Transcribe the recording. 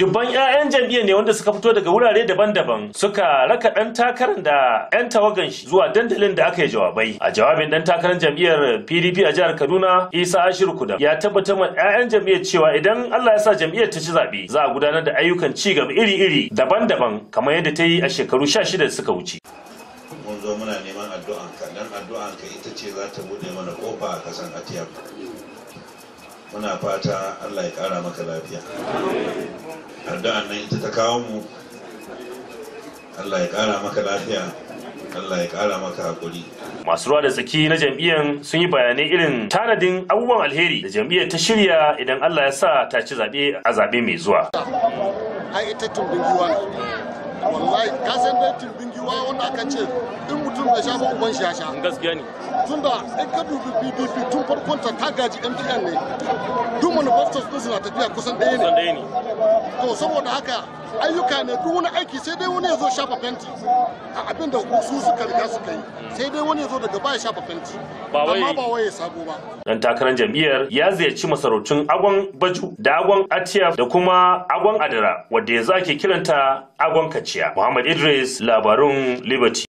Dubban 'ya'yan jam'iyyar ne wanda suka fito daga wurare daban-daban suka raka ɗan takarar da 'yan tawagan shi zuwa dandalin da aka yi jawabai. A jawabin ɗan takarar jam'iyyar PDP a jihar Kaduna Isa Ashiru Kudam ya tabbatar ma 'ya'yan jam'iyyar cewa idan Allah ya sa jam'iyyar ta ci zaɓe za a gudanar da ayyukan ci gaba iri-iri daban-daban kamar yadda ta yi a shekaru 16 da suka wuce. Mun zo muna neman addu'anka, dan addu'anka ita ce za ta buɗe mana kofa a kasan Atiyar. muna fata allah ya kara maka lafiya addu'an nan ita ta kawo mu allah ya kara maka lafiya allah ya kara maka hakuri masu ruwa da tsaki na jam'iyyar sun yi bayanai irin tanadin abubuwan alheri da jam'iyyar ta shirya idan allah ya sa ta ci zaɓe a zaɓe mai zuwa ai ita tumbin wallahi ka san dai tilbin giwa wanda aka ce in mutum bai sha ba uban shi ya sha gaskiya ne tunda in ka dubi PDP tun farkon ta ta gaji mpn ne duk manifestos din suna tafiya kusan ɗaya ne to saboda haka ayyuka ne duk wani aiki sai dai wani ya zo shafa fenti a abin da su suka riga suka yi sai dai wani ya zo daga baya shafa fenti amma ba ya sabo ba dan takarar jam'iyyar ya ziyarci masarautun agon baju da agon atiyaf da kuma agon adara wadda yanzu ake kiranta agon kaciya muhammad idris labarun liberty